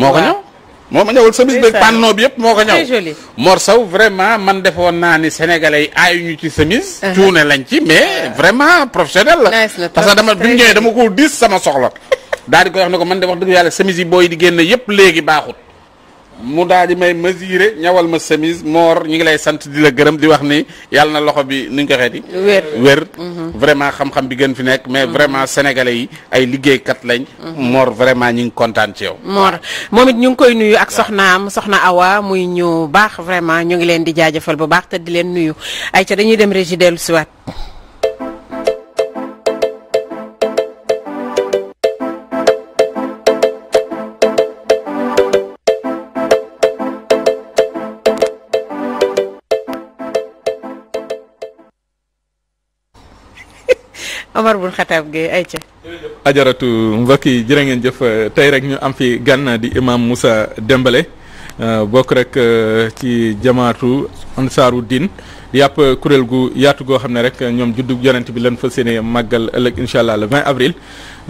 moo ko ñëw moo ma ñëwal semis beeg panneau bi yëpp moo ko ñëw Mor Sow vraiment man defoon naa ni sénégalais yi aayuñu ci semis cuune uh-huh. lañ ci mais uh-huh. vraiment professionnel la parce que dama bi mu ñëwee dama ko diis sama soxla daal di koy wax ne ko man de wax dëgg yàlla semis yi booy di génn yëpp léegi baaxut mu daal di may mesurer ñawal ma chemise moor ñu ngi lay sant di la gërëm di wax ni yàlla na loxo bi nuñ ko xeeti wér wér mhm. vraiment xam-xam bi gën fi nekk mais mhm. vraiment sénégalais yi ay liggéeykat lañ mhm. moor vraiment ñu ngi kontaan ci yow moor moom it ñu ngi koy nuyu ak soxnaam soxna Awa muy ñu baax vraiment ñu ngi leen di jaajëfal bu baax te di leen nuyu ay ca dañuy dem régi dellu siwaat Omar bun Xataab Gueye ay ca ajaratu mbokk yi jërë ngeen jëf euh, tey rek ñu am fi gan di imam Moussa Dembélé euh, bokk rek euh, ci jamaatu ansaaru diin yàpp kuréel gu yaatu goo xam ne rek ñoom juddu yonent bi lan fa seen màggal ëllëg incha allah le 20 avril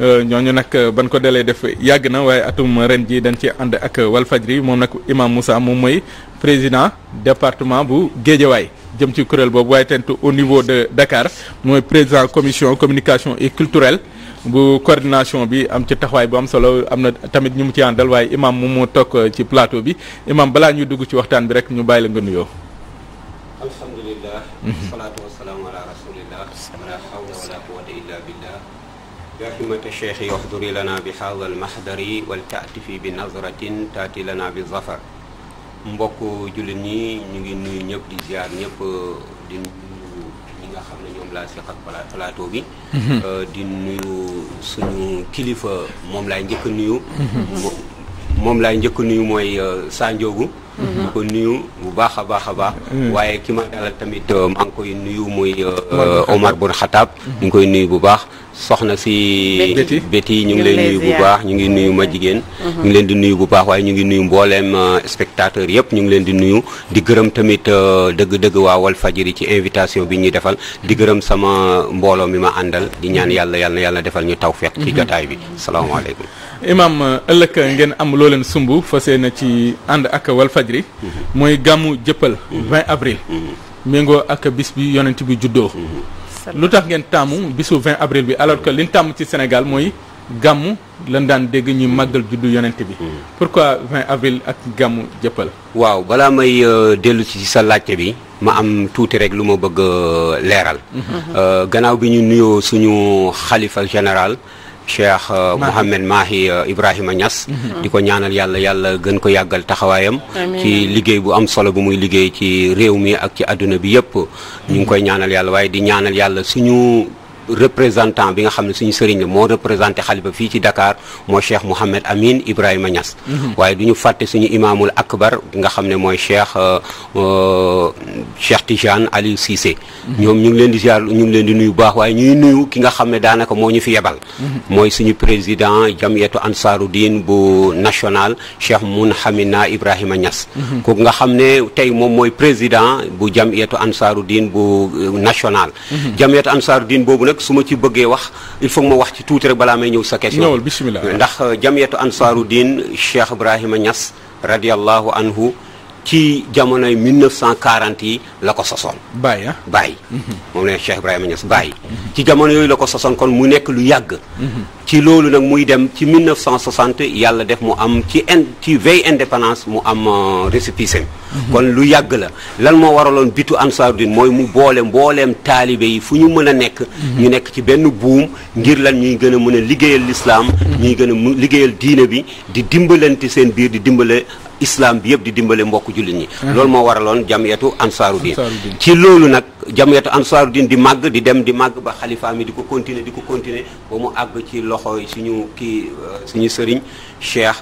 euh, ñooñu nag ban ko dalee def yàgg na waaye atum ren ji dañ ci ànd ak Walfajri moom nag Imam Moussa moom mooy président département bu Géejawaay jëm ci kuréel boobu waaye tent au niveau de Dakar mooy président commission communication et culturelle bu coordination bi am ci taxawaay bu am solo am na tamit ñu mu ci àndal waaye imam moom moo toog ci plateau bi imam balaa ñuy dugg ci waxtaan bi rek ñu bàyyi la nga nuyoo. alhamdulilah wasalaatu mhm. wasalaamu ala illa billah yaa himata cheikhi wahduri lana bi haadha almahdari wal taatifi bi nazratin taati lana bi zafar mbokk jullit ñi ñu ngi nuyu ñëpp di ziar ñëpp di nuyu ñi nga xam ne ñoom laa seq ak bi mhm. euh, di nuyu suñu kilifa moom laay njëkk nuyu mhm. njëkk nuyu mooy euh, Sa Ndiogou di ko nuyu bu baax a baax a baax mm. waaye ki ma dalal tamit euh, maa ngi koy nuyu muy euh, Omar Bun Xataab mm. ñu ngi koy nuyu bu baax soxna si Betty ñu ngi leen nuyu bu baax ñu ngi nuyu ma jigéen mm-hmm. ñu ngi leen di nuyu bu baax waaye ñu ngi nuyu mbooleem euh, spectateur yëpp ñu ngi leen di nuyu di gërëm tamit dëgg-dëgg waa Walfadjri ci invitation bi ñuy defal di mm-hmm. gërëm sama mbooloo mi ma àndal di ñaan mm-hmm. yàlla yàlla yàlla defal ñu taw tawfeex ci jotaay bi salaamaaleykum imam euh, ëllëk ngeen am loo leen sumb fas na ci ànd ak Walfadjri mhm. mooy gàmmu jëppal 20 mhm. avril mhm. méngoo ak bis bi yonent bi juddoo lu tax ngeen taamu bisu 20 avril bi alors que liñ tàmm ci senegal mooy gàmmu lan daan dégg ñuy màggal juddu yonent bi pourquoi 20 avril ak gàmmu jëppal waaw balaa may euh, dellu ci sa laajte bi ma am tuuti rek lu ma bëgg euh, leeral gannaaw bi ñu nuyoo suñu xalifa général cheikh euh, Mouhamed Mahi euh, Ibrahima ñas mhm. mhm. di ko ñaanal yàlla yàlla gën ko yàggal taxawaayam. ci liggéey bu am solo bu muy liggéey ci réew mi ak ci àdduna bi yëpp. ñu ngi koy ñaanal yàlla waaye di ñaanal yàlla suñu. représentant bi nga xam ne suñu sëriñ la moo représenté xalifa fii ci Dakar moo Cheikh Mouhamed Amine Ibrahima Niass mhm. waaye du ñu fàtte suñu imaamul akbar bi nga xam ne mooy Cheikh euh, euh, Cheikh Tijane Aliou Cissé mhm. ñoom ñu ngi leen di ziar ñu ngi leen di nuyu baax waaye ñuy nuyu ki nga xam ne daanaka moo ñu fi yebal mhm. mooy suñu président jamiyatu ansaruddin bu national Cheikh Mounhamina Ibrahima ñas kooku nga xam ne tey moom mooy président bu jamiyatu ansaruddin bu euh, national jamiyatu ansaruddin boobu su ma ci bëggee wax il faut ma wax ci tuuti rek balaa may ñëw sa question. ñëwul bismillah ndax jamiyatu ansaaru diin Cheikh Ibrahima Niass radiallahu anhu ci jamonoy 1940 yi la ko sosoon. Baye ah Baye. Mhm. moom la Cheikh Ibrahima Niass Baye. ci jamono yooyu la ko sosoon kon mu nekk lu yàgg. Mhm. ci loolu nag muy dem ci 1960 yàlla def mu am ci in ci veille indépendance mu am euh, récépissé. Mhm. kon lu yàgg la lan moo waraloon bitu Ansaarudin mooy mu boole mbooleem taalibe yi fu ñu mën a nekk. ñu nekk ci benn buum ngir lan ñuy gën a mën a liggéeyal lislaam ñuy gën a liggéeyal diine bi di dimbalante seen biir di dimbale islam bi yëpp di dimbale mbokku jullit ñi loolu moo waraloon jamiyatu ansaaru diin ci loolu nag jamiyatu ansaaru diin di màgg di dem di màgg ba xalifaa mi di ko continuer di ko continuer ba mu àgg ci loxo suñu kii euh, suñu sëriñ cheikh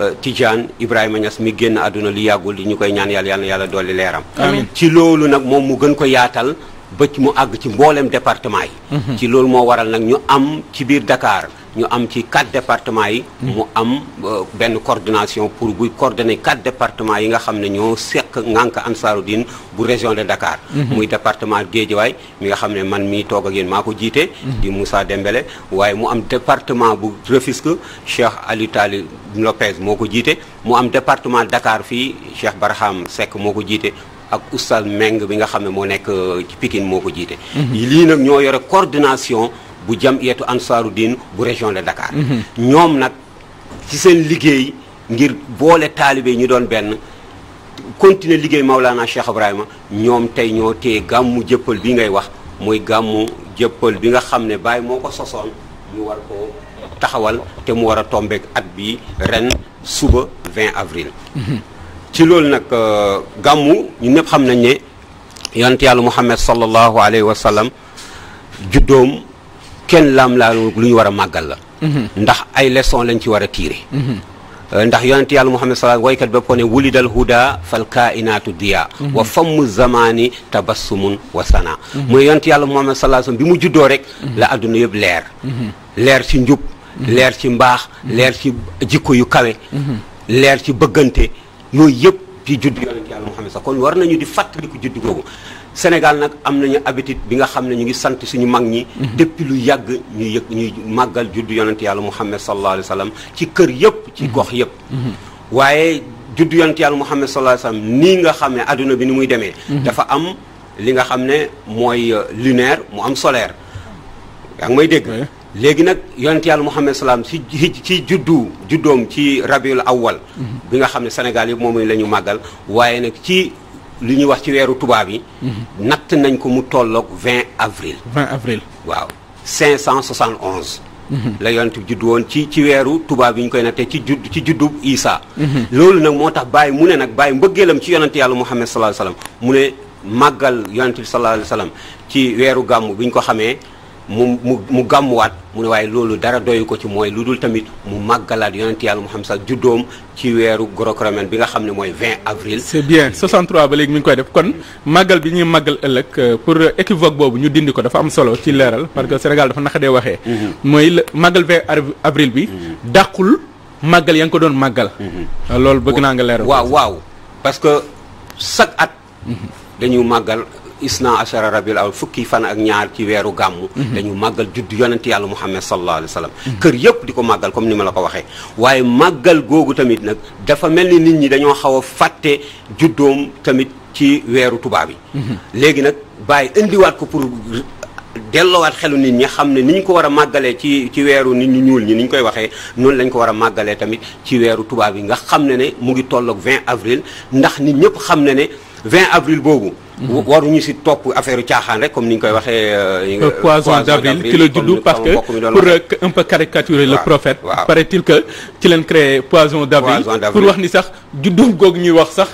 euh, Tidiane Ibrahima Niass mi génn àdduna li yàggul li ñu koy ñaan yàlla yàlla yàlla dolli leeram ci loolu nag moom mu gën ko yaatal ba ci mu àgg ci mbooleem département yi mhm. ci loolu moo waral nag ñu am ci biir dakaar ñu am ci quatre départements yi mhm. mu am euh, benn coordination pour buy coordonner quatre départements yi nga xam ne ñoo seq ngànk Ansaarud-Din bu région de Dakar mhm. muy département Guédiawaye mi nga xam ne man mii toog ak yéen maa ko jiite di Moussa waaye mu am département bu Rufisque Cheikh Aliou Lopez moo ko jiite mu am département dakaar fii Cheikh Barham Seck moo ko jiite ak oustaz Meng bi nga xam ne moo nekk euh, ci Pikine moo ko jiite. Mhm. lii nag ñoo yore coordination bu jamiyatu ansaaru din bu région de Dakar. Mhm. ñoom nag ci seen liggéey ngir boole taalibe ñu doon benn. continuer liggéey Maulana Cheikh Ibrahima ñoom tey ñoo téye gàmmu jëppal bi ngay wax muy gàmmu jëppal bi nga xam ne Baye moo ko sosoon ñu war ko taxawal te mu war a tombeek at bi ren suba 20 avril. Mhm. ci loolu nag euh, gàmmu ñu ñëpp xam nañ ne yonent yàlla muhammad sallallahu alayhi wa sallam juddoom kenn laam laa lu ñu war a màggal la mhm. ndax ay leçon lañ ci war a tiire mhm. euh, ndax yonent yàlla muhammad sallallahu woykat bépp ko ne wulidal huda fal kainaatu diya mhm. wa fammu zamani tabassumun wa sana mooy yonent yàlla muhammad sallallahu bi mu juddoo rek la adduna yëpp leer leer ci njub leer ci mbaax leer ci jikko yu kawe leer ci bëggante yooyu yëpp ci judd yonent yàlla moo xam ne sax kon war nañu di fàttaliku judd googu Sénégal nag am nañu habitude bi nga xam ne ñu ngi sant suñu mag ñi mhm. depuis lu yàgg ñu yëg ñuy màggal judd yonent yàlla Muhammad sallallahu alayhi wa sallam ci kër yëpp ci mhm. gox yëpp mhm. waaye judd yonent yàlla Muhammad sallallahu alayhi wa sallam nii nga xam ne àdduna bi ni muy demee dafa am li nga xam ne mooy euh, lunaire mu am solaire yaa ngi may dégg léegi nag yonent yàlla Muhammad salaam si ci juddu juddoom ci rabiul awwal mhm. bi nga xam ne Sénégal yi moom la lañu màggal waaye nag ci li ñuy wax ci weeru tubaab yi mhm. natt nañ ko mu tolloog 20 avril 20 avril waaw 571 mhm. la yonent bi judd woon ci ci weeru tubaab yi ñu koy nattee ci judd ci juddu Isaa loolu nag moo tax bàyyi mu ne nag bàyyi mbëggeelam ci yonent yàlla Muhammad salaam mu ne màggal yonent bi sallallahu alayhi wa sallam ci weeru gàmm bi ñu ko xamee mu mu mu gàmmuwaat mu ne waaye loolu dara doyu ko ci mooy lu dul tamit mu màggalaat yonent yàlla Muhammad sa juddoom ci weeru grocromen bi nga xam ne mooy 20 avril. c'est bien 63 ba léegi mi ngi koy def kon màggal bi ñuy màggal ëllëg euh, pour équivoque boobu ñu dindi ko dafa am solo ci leeral parce que Sénégal dafa naqadee waxee. Mm-hmm. mooy màggal 20 avril bi. Mm-hmm. daqul màggal ya nga ko doon màggal. Mm-hmm. loolu bëgg naa nga leeral. waaw waaw parce que chaque at. dañu màggal. isna achara rabil awal fukki fan ak ñaar ci weeru gàmmu mhm. dañu màggal judd yonent yàlla muhammad sallallahu alayhi wa sallam mhm. kër yëpp di ko màggal comme ni ma la ko waxee waaye màggal googu tamit nag dafa mel ni nit ñi dañoo xaw a fàtte juddoom tamit ci weeru tubaab yi mhm. léegi nag bàyyi indiwaat ko pour dellowaat xelu nit ñi xam ne ni ñu ko war a màggalee ci ci weeru nit ñu ñuul ñi ni ñu koy waxee noonu lañ ko war a màggalee tamit ci weeru tubaab yi nga xam ne ne mu ngi tolloog 20 avril ndax nit ñëpp xam ne ne 20 avril boobu waruñu si topp affaire caaxaan rek comme ni ñu koy waxee. Euh, euh, poison d'avril ki la juddu parce que pour euh, un peu caricaturer le prophète. paraît-il que ci leen créé poison d'avril pour wax ni sax juddu goog ñuy wax sax.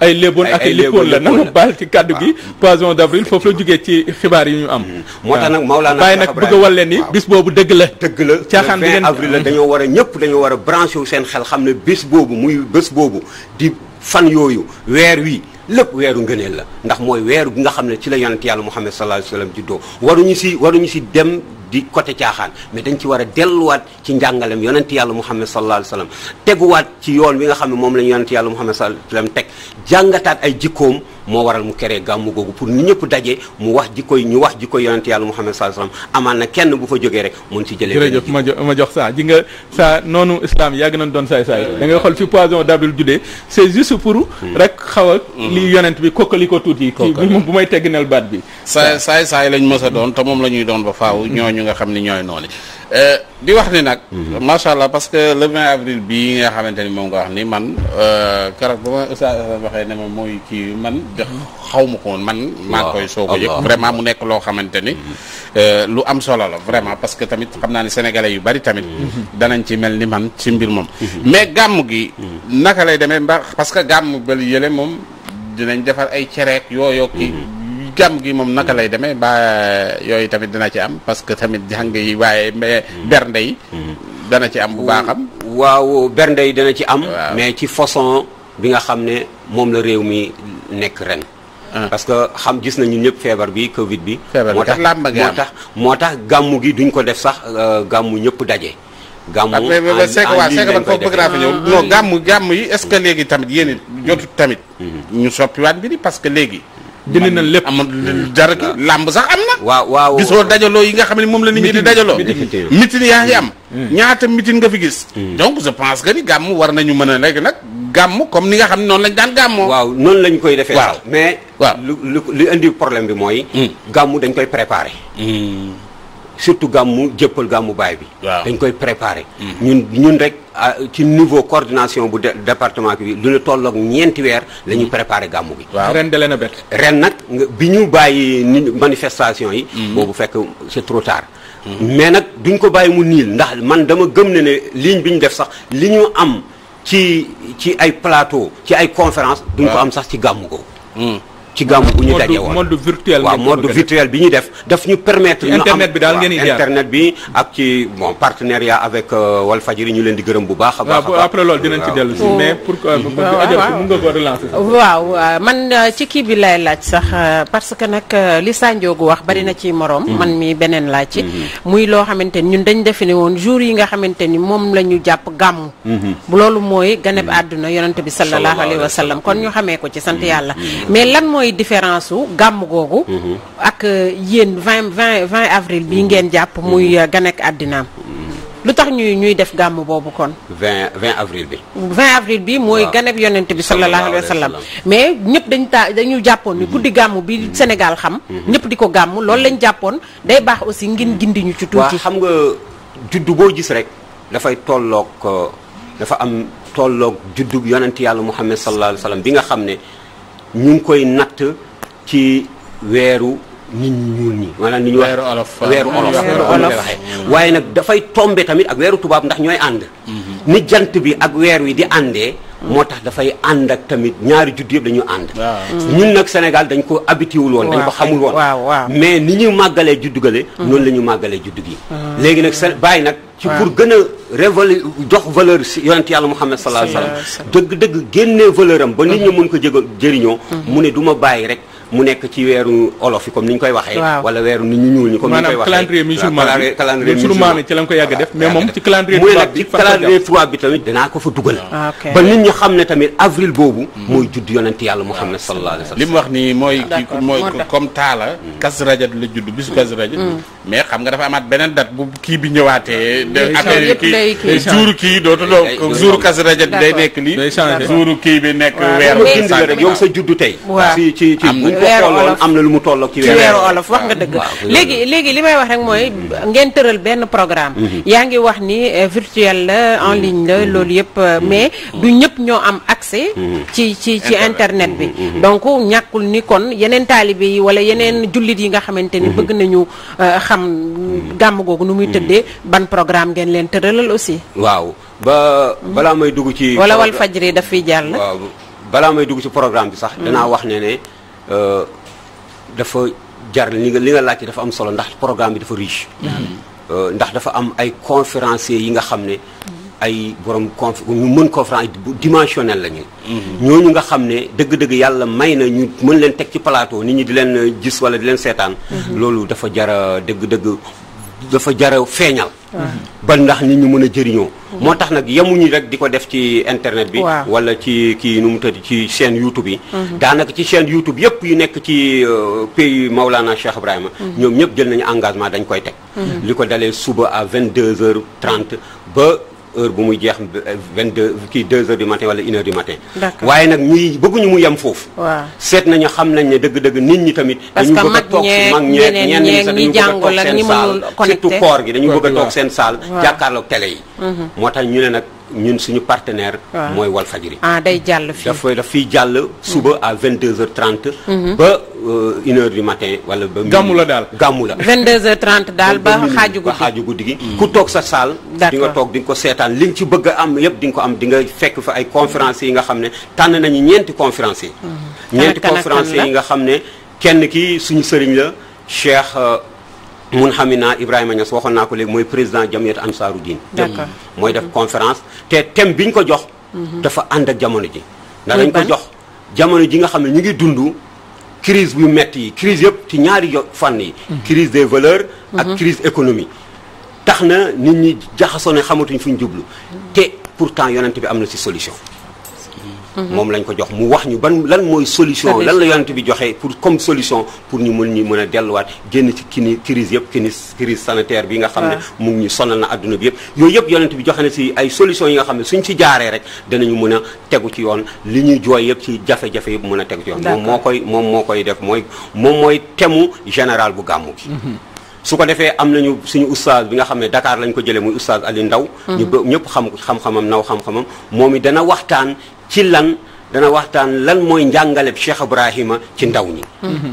ay léeboon ak ay léppoon la nanga baal ci kàddu gi poisson d'avril foofu la jógee ci xibaar yi ñu am mm-hmm. moo tax nag Maolana bàyyi nag bëgg a leen ni bis boobu dëgg la dëgg la caaxaan bi ngeen avril la dañoo war a ñëpp dañoo war a branché wu seen xel xam ne bés boobu muy bés boobu di fan yooyu weer wi lépp weeru ngëneel la ndax mooy weeru gi nga xam ne ci la yonent yàlla Muhammad sallallahu alayhi wa sallam juddoo waruñu si ñu si dem di côté caaxaan mais dañ ci war a delluwaat ci njàngalem yonent yàlla muhammad sallallahu alayhi wa sallam teguwaat ci yoon wi nga xam ne moom la ñu yonent yàlla wa sallam teg jàngataat ay wax jikkoy ñu wax jikkoy yonent yàlla muhammad sallallahu alayhi wa sallam na kenn bu fa jógee rek mun ma jox ma jox saa ji nga saa doon saay saay da ngay xool fi poison d'Abdul juddee c'est juste pour rek ko tuuti bu may bi saay saay lañ mës a doon la ñuy doon ba faaw mm-hmm. ñooñu ñooñu nga xam ni ñooy noonu euh, di wax ni nag. Mhm. macha allah parce que le 20 avril bii nga xamante ni moom nga wax ni man euh, keroog ba ma Oustaz waxee ne ma mooy kii man xaw ma ko woon man. maa koy soo a yëg vraiment mu nekk loo xamante ni. Mhm. Euh, lu am solo la vraiment parce que tamit xam naa ne sénégalais yu bari tamit. Mhm. danañ ci mel ni man ci mbir moom. mais gàmm gi. naka lay demee ndax parce que gàmm bëri yële moom dinañ defar ay cereek yooyu ki gàmm gi moom naka lay demee ba yooyu tamit dina ci am parce que tamit jàng yi waaye mais mm-hmm. bernde yi mm-hmm. dana ci am bu baaxam waaw bernde yi dana ci am mais ci façon bi nga xam ne moom la réew mi nekk ren ah. parce que xam gis nañu ñëpp feebar bi covid bi moo tax moo tax moo tax gàmm gi duñ ko def sax euh, gàmmu ñëpp daje gàmmu seeka waa seeka man ah. yi est-ce que léegi tamit yéen mm-hmm. jotut tamit ñu soppiwaat bi di parce que léegi jënd nañ lépp amul dara làmb sax am na. waaw waaw gisoo dajaloo yi nga xam ne moom la nit ñi di dajaloo. mitin yaa ngi am. Hmm. ñaata mitin nga fi gis. Hmm. donc je pense que ni gàmm war nañu mën a nekk nag gàmm comme ni nga xam ne noonu lañ daan gàmmoo. waaw noonu lañ koy defee. waaw mais. waaw lu lu li indi problème bi mooy. Hmm. gàmm dañ koy préparer. surtout gàmmu jëppal gàmmu baay bi. dañ koy préparer. Hmm. ñun ñun rek ah, ci niveau coordination bu département bi lu ne tolloog ñeenti weer la ñuy hmm. préparer gàmmu gi. ren dalee na bett. ren nag bi ñu bàyyi manifestation yi. Hmm. boobu fekk c'est trop tard. mais nag duñ ko bàyyi mu niil ndax man dama gëm ne ne ligne bi ñu def sax li ñu am ci ci ay plateau ci ay conférence duñ ko am sax ci gàmmu ko ci gàmmu bu ñu daje woon monde virtuel waaw monde virtuel bi ñu def daf ñu permettre ñu am internet bi daal ngeen di bi ak ci bon partenariat avec euh, Walfadjri ñu leen di gërëm bu baax a baax a loolu dinañ ci dellu si mais pour que mm. mun nga waaw man euh, ci kii bi lay laaj sax euh, parce que nag li Sanjoogu wax bari na ci moroom mm. man mii beneen laaj ci mm-hmm. muy loo xamante ni ñun dañ defe ne woon jour yi nga xamante ni moom la ñu jàpp gàmmu mm-hmm. bu loolu mooy ganeb mm-hmm. àdduna yonent bi sallallahu alayhi wa kon ñu xamee ko ci sant yàlla mais mooy différence su gàmm googu. Mhm. ak euh, yéen 20 20 20 avril bi ngeen mhm. jàpp. muy mhm. euh, ganek àddinaam. lu tax ñuy ñuy def gàmm boobu kon. 20 20 avril bi. 20 avril bi mooy ganek yonent bi sallallahu alayhi wa sallam mais ñëpp dañu taa dañu jàppoon ni guddi gàmm bi Sénégal xam. ñëpp di ko gàmm lool lañ jàppoon day baax aussi ngeen gindi ñu ci tuuti. xam nga juddu boo gis rek. dafay tolloog euh, dafa am tolloog juddu yonent yàlla Muhammad sallallahu alayhi wa sallam bi nga xam ne. ñu ngi koy natt ci weeru nit ñu ñuul ñi maanaam ñu wax weeru olof weeru olof waaye nag dafay tombe tamit ak weeru tubaab ndax ñooy ànd mm-hmm. ni jant bi ak weer wi di àndee moo tax dafay ànd ak tamit ñaari judd yëpp dañu ànd ñun nag Sénégal dañ ko habitué wul woon dañ ko xamul woon mais ni ñu màggalee juddugale gale mm. noonu la ñu màggalee judd gi mm. léegi nag seen bàyyi nag ci pour gën a révolu jox valeur si yonent yàlla Muhammad sallallahu alayhi wa sallam dëgg-dëgg génnee valeuram ba nit ñi mën mm. ko jëg jëriñoo mu ne duma bàyyi rek mu nekk ci weeru olof yi comme ni ñu koy waxee wala weeru ni ñu ñuul ñi comme ni ñu koy waxee calendrier musulman calendrier musulman ci ko yàgg def mais moom ci calendrier tubaab bi calendrier tubaab bi tamit danaa ko fa dugal ah, ba nit ñi xam ne tamit avril boobu mooy judd yonent yàlla mu wax nii mooy kii mooy comme taala kas rajat la judd bisu mm. mais xam nga dafa amaat beneen date bu kii bi ñëwaatee affaire kii jour kii dootu doo jour kas rajat day nekk lii jour kii bi nekk weer yow sa juddu tey ci ci weeru olof am na lu mu tolloog ci olof wax nga dëgg léegi léegi li may wax rek mooy ngeen tëral benn programme mhm. yaa ngi wax ni eh, virtuel la en mhm. ligne la mhm. loolu yëpp mais du ñëpp ñoo am accès ci ci ci internet bi donc ñàkkul ni kon yeneen taalibe yi wala yeneen jullit yi nga xamante ni bëgg nañu eh, xam gàmm googu nu muy tëddee ban programme ngeen leen tëralal aussi waaw ba balaa may dugg ci wala wal fajri daf fi jàll waaw balaa may dugg ci programme bi sax danaa wax ne ne Euh, dafa jar li nga li nga laajte dafa am solo ndax programme bi dafa riche. Mm-hmm. Euh, ndax dafa am ay conférenciers yi nga xam ne. ay borom conf ñu mën conférence dimensionnel la ñu mm-hmm. ñooñu nga xam ne dëgg-dëgg yàlla may na ñu mën leen teg ci plateau nit ñi di leen gis wala di leen seetaan. Mm-hmm. loolu dafa jar dëgg-dëgg. dafa jaraw feeñal ba ndax nit ñu mën a jëriñoo moo tax nag yemuñu rek di ko def ci internet bi wala ci kii nu mu tëdd ci chaîne YouTube yi mhm. daanaka ci chaîne YouTube yëpp yu nekk ci euh, pays Maulana Cheikh Ibrahima mhm. ñoom ñëpp jël nañu engagement dañ koy teg mhm. li ko dalee suba a vingt deux heures trente ba heure bu muy jeex vingt deux kii du matin wala une heure du matin waaye nag ñuy bëgguñu mu yem foofu seet nañu xam nañ ne dëgg-dëgg nit ñi tamit dañu bëgg a toog mag ñeeg ñi sax dañu bëgg a toog seen saal surtout koor gi dañu bëgg a toog seen saal jàkkaarloog télé yi mm-hmm. moo tax ñu ne nag ñun suñu partenaire. Ah. mooy Walfadjri. ah day jàll fii dafay daf fiy jàll. suba mm-hmm. à 22h30. Mm-hmm. ba 1h euh, du matin wala ba. gàmmu la daal gàmmu la. 22h30 daal ba xaaju guddi ba guddi gi. Mm-hmm. ku toog sa saal. di nga toog di ko seetaan li nga ci bëgg am yëpp di nga ko am di nga fekk fa ay conférences yi nga xam ne tànn nañu ñeenti conférences yi. ñeenti conférences yi nga xam ne kenn ki suñu sëriñ la Cheikh. Euh, mun xam naa Ibrahima Niass waxoon naa ko léegi mooy président jamiyat ansaaru diin mooy def conférence te thème bi ñu ko jox mhm. dafa ànd ak jamono ji ndax dañ ko jox jamono ji nga xam ne ñu ngi dund crise bu metti yi crise yëpp ci ñaari fànn yi mhm. crise des valeurs ak mhm. crise économie tax na nit ñi jaxasoon ne xamatuñ fu ñu jublu te pour temps yonent bi am na si solution Mm-hmm. moom lañ ko jox mu wax ñu ban lan mooy solution lan la yonent bi joxe pour comme solution pour ñu mun ñu mën a delluwaat génn ci kini crise yëpp kini crise sanitaire bi nga xam ne ah. mu ngi ñu sonal na adduna bi yëpp yooyu yëpp yonent bi joxe na si ay solution yi nga xam ne suñ si jaaree rek danañu mën a tegu ci yoon li ñuy jooy yëpp ci jafe-jafe yëpp mën a tegu ci yoon moo koy moom moo koy def mooy moom mooy temu général bu gàmmu gi mm-hmm. su ko defee am nañu suñu oustaz bi nga xam ne Dakar lañ ko jëlee muy oustaz Ali Ndaw mm-hmm. ñu ñëpp xam xam-xamam naw xam-xamam moom it dana waxtaan ci lan dana waxtaan lan mooy njàngale Cheikh Ibrahima ci ndaw ñi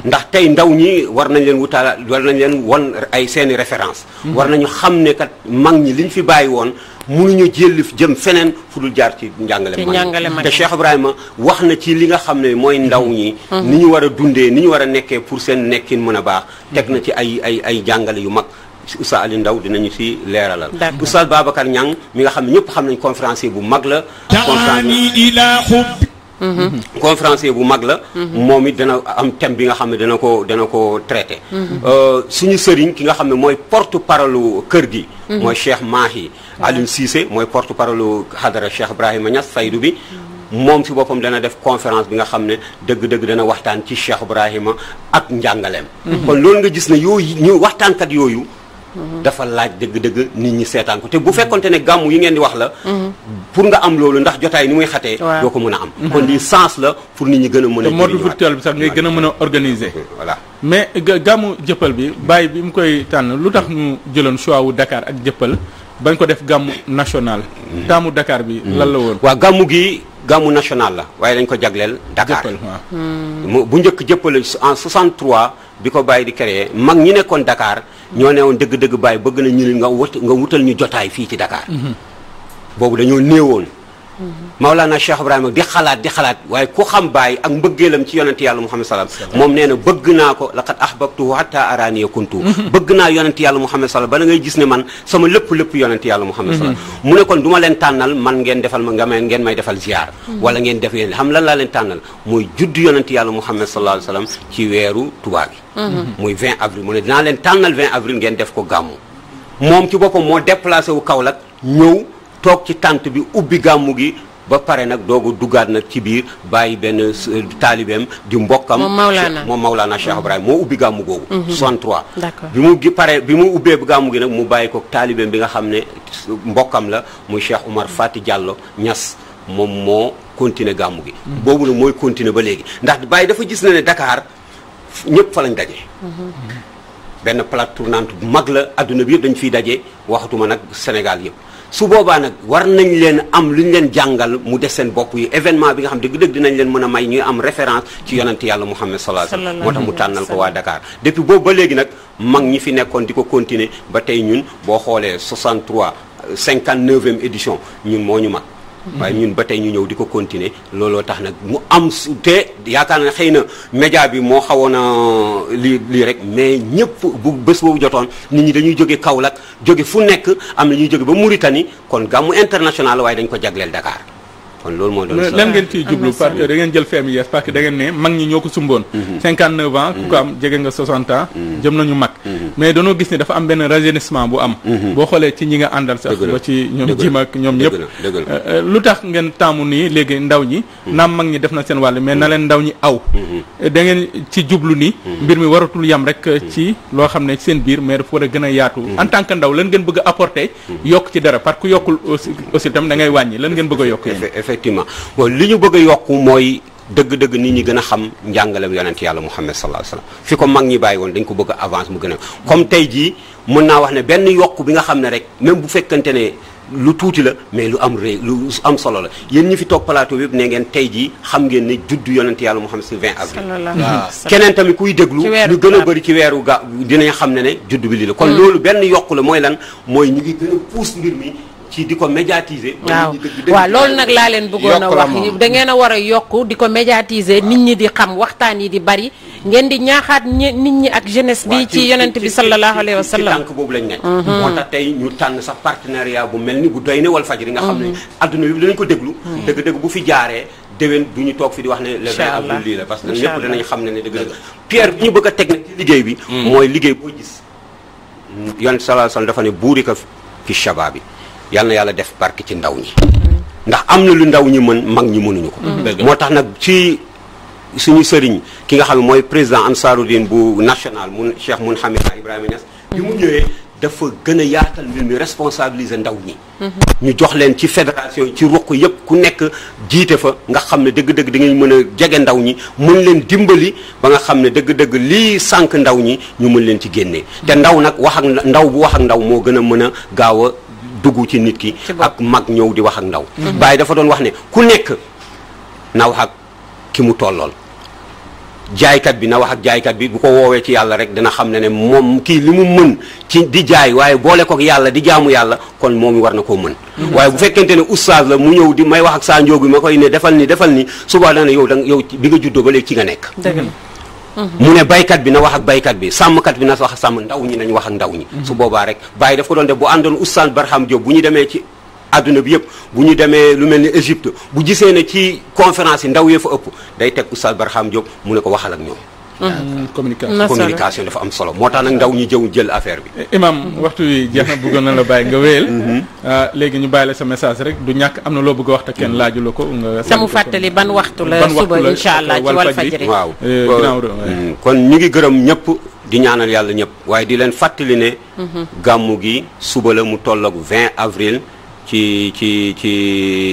ndax tey ndaw ñi war nañ leen wutaala war nañ leen won ay seeni référence war nañu xam ne kat mag ñi liñ fi bàyyi woon mënuñu jël jëm feneen fu dul jaar ci njàngale mag te Cheikh Ibrahima wax na ci li nga xam ne mooy ndaw ñi mm-hmm. ni ñu war a dundee ni ñu war a nekkee pour seen nekkin mën a baax teg na ci ay ay ay jàngale yu mag si Oustaz Aliou Ndao dinañu si leeralal Oustaz Babacar Niang nga xam ne ñëpp xam nañ conférencier bu mag la conférencier mhm. bu mag la mhm. moom it dana am thème bi nga xam ne dana ko dana ko traité mhm. euh, suñu sëriñ ki nga xam ne mooy porte parole kër gi mooy Cheikh Mahi Alioune Cissé mooy porte parole xadara Cheikh Ibrahima ñas Saydu bi moom si boppam dana def conférence bi nga xam ne dëgg-dëgg dana waxtaan ci Cheikh Ibrahima ak njàngaleem kon loolu nga gis ne yooyu ñu waxtaankat yooyu dafa laaj dëgg-dëgg nit ñi seetaan ko te bu fekkonte ne gàmmu yi ngeen di wax la pour nga am loolu ndax jotaay ni muy xatee doo ko mën a am mm-hmm. kon lii sens la pour nit ñi gën a mën a mode virtuel bi sax ngay gën a mën a organiser voilà mais gàmmu jëppal bi bàyyi bi mu koy tànn lu tax ñu jëloon choix wu Dakar ak jëppal bañ ko def gàmmu national mm-hmm. taamu Dakar bi mm-hmm. lan la woon waaw gàmmu gi gàmmu national la waaye dañ ko jagleel Dakar hmm. bu njëkk jëppale en 63 bi ko bàyyi di créer mag ñi nekkoon Dakar ñoo ne woon dëgg-dëgg bàyyi bëgg na ñu nga wut nga wutal ñu jotaay fii ci Dakar hmm. boobu dañoo néewoon Maulana Cheikh Ibrahima di xalaat di xalaat waaye ku xam baay ak mbëggeelam ci yonent yàlla Muhammad salaam moom nee na bëgg naa ko laqad ahbabtuhu hatta araniya kuntu mhm. bëgg naa yonent yàlla Muhammad salaam ba na ngay gis ne man sama lépp lépp yonent yàlla Muhammad salaam mhm. mu ne kon du ma leen tànnal man ngeen defal ma nga may ngeen may defal ziar mhm. wala ngeen def yéen xam lan laa leen tànnal mooy judd yonent yàlla Muhammad sallallahu alayhi wasallam ci weeru tubaab bi muy 20 avril mu ne dinaa leen tànnal 20 avril ngeen def ko gàmmu moom ci boppam moo déplacé wu Kaolack ñëw toog ci tànt bi ubbi gàmm gi ba pare nag doogu a duggaat nag ci biir bàyyi benn euh, taalibeem di mbokkam moom Maulana Cheikh Ibrahima moo ubbi gàmmu googu 63 mm-hmm. bi mu gi pare bi mu ubbee gàmmu gi nag mu bàyyi ko taalibeem bi nga xam ne mbokkam la muy Cheikh Oumar Fati Diallo ñas moom moo continuer gàmm gi mm-hmm. boobu nag mooy continuer ba léegi ndax bàyyi dafa gis na ne dakaar ñëpp fa lañ daje mm-hmm. benn plate tournante bu mag la àdduna bi yëpp dañ fiy daje waxatuma nag Sénégal yëpp su boobaa nag war nañ leen am lu ñu leen jàngal mu des seen bopp yi événement bi nga xam dëgg-dëgg dinañ leen mën a may ñu am référence ci yonent yàlla Muhammad sallallahu alayhi wasallam moo tax mu tànnal ko waa Dakar depuis boobu ba léegi nag mag ñi fi nekkoon di ko continuer ba tey ñun boo xoolee 63 59e édition ñun moo ñu mag waaye ñun ba tey ñu ñëw di ko continuer looloo tax nag mu am su te yaakaar na xëy na média bi moo xawoon a lii lii rek mais ñëpp bu bës boobu jotoon nit ñi dañuy jóge Kaolack jóge fu nekk am na ñuy jóge ba Mauritanie kon gàmmu international waaye dañ ko jagleel Dakar kon loolu moo doon lan ngeen ciy jublu parce que da jël feem yees parce que da ne mag ñi ñoo ko sumboon mm-hmm. mm-hmm. cinquante neuf ans ku ko am jege nga soixante ans mm-hmm. jëm nañu mag mais dañoo gis ni dafa am benn rajeunissement bu am boo xoolee ci ñi nga àndal sax ba ci ñoom jim ak ñoom ñëpp euh, euh, lu tax ngeen taamu nii léegi ndaw ñi na mag ñi def na seen wàll mais na leen ndaw ñi aw da ngeen ci jublu ni mbir mi waratul yam rek ci loo xam ne seen biir mais dafa war a gën a yaatu a apporter yokk ci dara parce que yokkul aussi aussi tam yokk effectivement bon li ñu bëgg a yokk mooy dëgg-dëgg nit ñi gën a xam njàngalem yonent yàlla Muhammad sallallahu alayhi wasallam fi ko mag ñi bàyyi woon dañ ko bëgg avance mu gën a tey jii mën naa wax ne benn yokk bi nga xam ne rek même bu fekkante ne lu tuuti la mais lu am ré lu am solo la yéen ñi fi toog plateau yëpp ngeen tey jii xam ngeen ne juddu yonent yàlla Muhammad si 20 avril keneen tamit kuy déglu lu gën a bëri ci weeru ga dinañ xam ne ne juddu bi lii la kon hmm. loolu benn yokk la mooy lan mooy ñu ngi gën a puus mbir mi ci di ko médiatiser. waaw waaw loolu nag laa leen bëggoon a wax da ngeen a war a yokk di ko médiatiser nit ñi di xam waxtaan yi di bari. ngeen di ñaaxaat nit ñi ak jeunesse bi ci yonent bi sallallahu alayhi wa sallam ci tànk boobu lañ nekk. Mhm. moo tey ñu tànn sax partenariat bu mel ni bu doy ne Walfadjri nga xam ne mhm. adduna bi dinañ ko déglu. Mhm. dëgg-dëgg bu fi jaaree. déwén du ñu toog fi di wax ne le vingt avril lii la parce que ñëpp danañ xam ne ne dëgg dëgg pierre bi ñu bëgg a teg nag liggéey bi mooy liggéey boo gis yonent sallallahu alayhi wa sallam dafa ne buurika fi bi yal yàlla def barke ci ndaw ñi ndax am na lu ndaw ñi mën mag ñi mënuñu ko moo tax nag ci suñu sëriñ ki nga xam ne mooy président Ansaarudin bu national mun Cheikh mun Hamid Ibrahima Niass bi mu ñëwee dafa gën a yaatal mbir mi ndaw ñi mhm. ñu jox leen ci fédération ci ruq yëpp ku nekk jiite fa nga xam ne dëgg-dëgg mën a jege ndaw ñi mën leen dimbali ba nga xam ne dëgg-dëgg lii sànq ndaw ñi ñu mën leen ci génnee mhm. te ndaw nag wax ak ndaw bu wax ak ndaw moo gën a mën a gaaw dugg ci nit ki ak mag ñëw di wax ak ndaw mm-hmm. bàyyi dafa doon wax ne ku nekk na wax ak ki mu tollool jaaykat bi na wax ak jaaykat bi bu ko woowee ci yàlla rek dana xam ne ne moom kii li mu mën ci di jaay waaye boole kook yàlla di jaamu yàlla kon moom war na koo mën mm-hmm. waaye bu fekkente ne oustaz la mu ñëw di may wax ak saa njóogu ma koy ne defal ni defal ni suba dana yow da yow bi nga juddoo ba léegi ci nga nekk mu ne baykat bi na wax ak baykat bi sàmmkat bi na wax ak sàmm ndaw ñi nañ wax ak ndaw ñi mm-hmm. su boobaa rek bàyyi daf ko doon def bu àndoon Oustaz Barham Diop bu ñu demee ci àdduna bi yëpp bu ñu demee lu mel ni Égypte bu gisee ne ci conférence yi ndaw yee fa ëpp day teg Oustaz Barham Diop mu ne ko waxal ak ñoom Mm-hmm. communication communication dafa am solo moo tax nag ndaw ñi jëw jël affaire bi. Eh, imam waxtu wi jeex na na la bàyyi nga wéyal. Mm-hmm. Ah, léegi ñu bàyyi la sa message rek du ñàkk am na loo bëgg a wax te kenn mm-hmm. laajuloo ko. nga samu fàttali ban waxtu la suba incha allah ci Walfadjri waaw eh, kon ñu ngi gërëm ñëpp di ñaanal yàlla ñëpp waaye di leen fàttali ne. gàmmu gi suba la mu tolloog 20 avril. ci ci ci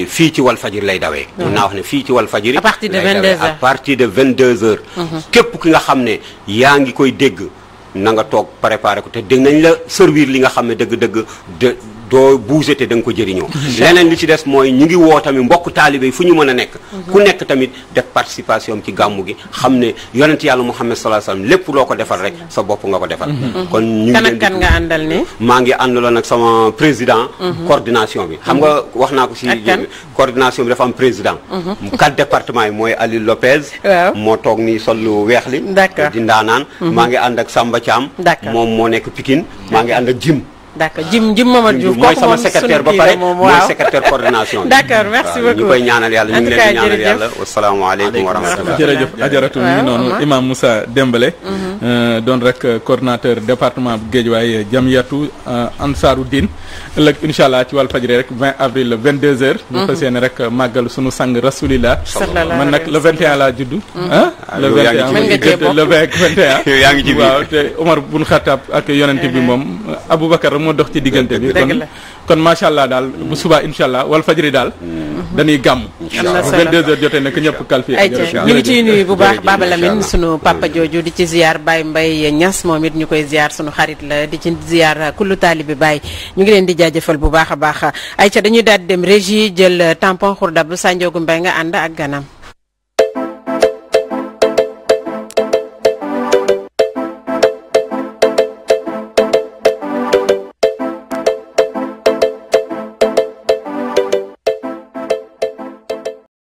fii ci wal fajiri lay dawee mun naa wax ne fii ci wal fajiri à partir de 22 heures à partir de 22 heures mhm. képp ki nga xam ne yaa ngi koy dégg na nga toog préparé ko te dégg nañ la servir li nga xam ne dëgg-dëgg doo bouger te da nga ko jëriñoo leneen li ci des mooy ñu ngi woo tamit mbokk taalibe fu ñu mën a nekk ku nekk tamit def participation ci gàmmu gi xam ne yonent yàlla Muhammad sallallahu alayhi wasallam lépp loo ko defal rek sa bopp nga ko defal mhm. kon ñu ngi leen kan nga àndal maa ngi àndaloon ak sama président mhm. coordination bi xam nga mhm. wax naa ko si coordination bi dafa am président quatre départements yi mooy Ali Lopez moo toog ni sol lu weex li di ndaanaan maa ngi ànd ak Samba Thiam moom moo nekk Pikine maa ngi ànd ak Jim d' accord Jim Jim Mamadou Diouf mooy sama secrétaire ba pare mooy secrétaire d' accord merci beaucoup ñu koy ñaanal yàlla ñu ngi leen di ñaanal yàlla asalaamaaleykum wa rahmatulah jërëjëf ajaratu ñu noonu imam Moussa démbale mhm. euh, doon rek euh, coordonnateur département bu géej waaye euh, Jamiyatu Ansaaru Diin ëllëg incha allah ci Walfadjri rek 20 avril le 22h mhm. ñu fas rek maggal sunu sang rasulillah man nag le 21 laa judd mhm. ah le 21 le yaa ngi ci waaw te Omar bun Xattaab ak yonent bi eh, eh. moom Aboubacar moo dox ci diggante bi kon kon macha allah daal bu subaa incha allah wal fajri daal mm-hmm. dañuy gàmm vingt-deux heures jotee nag ñëpp qualifié ñu ngi ciy nuyu bu baax Baba Lamine sunu papa jooju moom it ñu koy ziar sunu xarit la di ci ziar kullu taalibi Baye ñu ngi leen di jaajëfal bu baax a baax ay Aïcha dañuy daal di dem régie jël tampon xurdab Sanjoogu Mbay nga ànd ak ganam